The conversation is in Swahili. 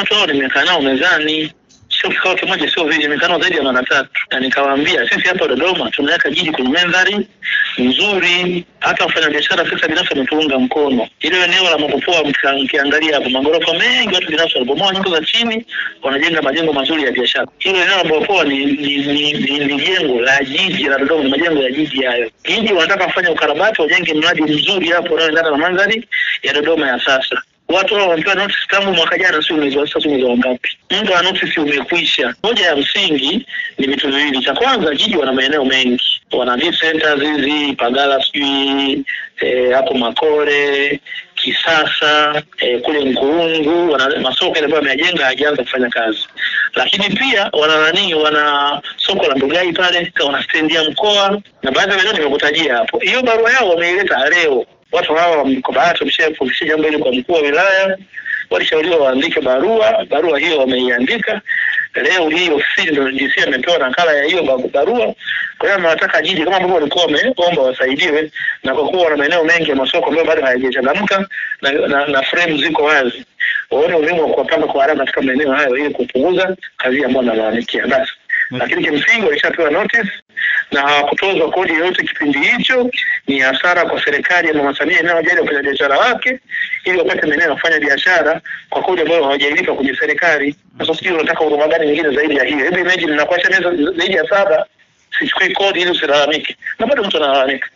watu wao nimekaa nao mezani sio kikao kimoja, sio vile nimekaa nao zaidi ya mara tatu, na nikawaambia sisi hapa Dodoma tunaweka jiji kwenye mandhari nzuri. Hata wafanya biashara sasa binafsi wametuunga mkono. Ile eneo la Mapopoa mkiangalia hapo, magorofa mengi, watu binafsi walibomoa nyumba za chini, wanajenga majengo mazuri ya biashara. Ile eneo la Mapopoa ni, ni, ni, ni, ni jengo la jiji la Dodoma, ni majengo ya jiji hayo. Jiji wanataka kufanya ukarabati, wajenge mradi mzuri hapo unaoendana na mandhari ya Dodoma ya sasa. Watu hao walikuwa notice tangu mwaka jana, sio mwezi wa sasa, sio mwezi wa ngapi, muda wa notice umekwisha. Moja ya msingi ni vitu viwili. Cha kwanza, jiji wana maeneo mengi, wana deep centers hizi Pagala, sijui eh, hapo e, Makore Kisasa e, kule Nkuungu, wana masoko yale ambayo wamejenga hajaanza kufanya kazi, lakini pia wana nani, wana soko la Ndugai pale, wana stendi ya mkoa na baadhi ya maeneo nimekutajia hapo. Hiyo barua yao wameileta leo Watu hawa kwa bahati wameshafikisha jambo hili kwa mkuu wa wilaya, walishauriwa waandike barua. Barua hiyo wameiandika leo hii, ofisi ndio DC amepewa nakala ya hiyo barua. Kwa hiyo nawataka jiji kama ambavyo walikuwa wameomba wasaidiwe, na kwa kuwa wana maeneo mengi ya masoko ambayo bado hayajachangamka na, na, na frame ziko wazi, waone umuhimu wa kuwapanga kwa haraka katika maeneo hayo ili kupunguza kazi ambayo wanalalamikia basi, mm. lakini kimsingi walishapewa notice na hawakutozwa kodi yoyote kipindi hicho. Ni hasara kwa serikali ya Mama Samia inayowajali biashara wake, ili wapate maeneo ya kufanya biashara kwa kodi ambayo hawajailipa kwenye serikali. Sasa sijui unataka huruma gani nyingine zaidi ya hiyo? Hebu imagine, nakuacha meza zaidi ya saba, sichukui kodi ili usilalamike, na bado mtu analalamika.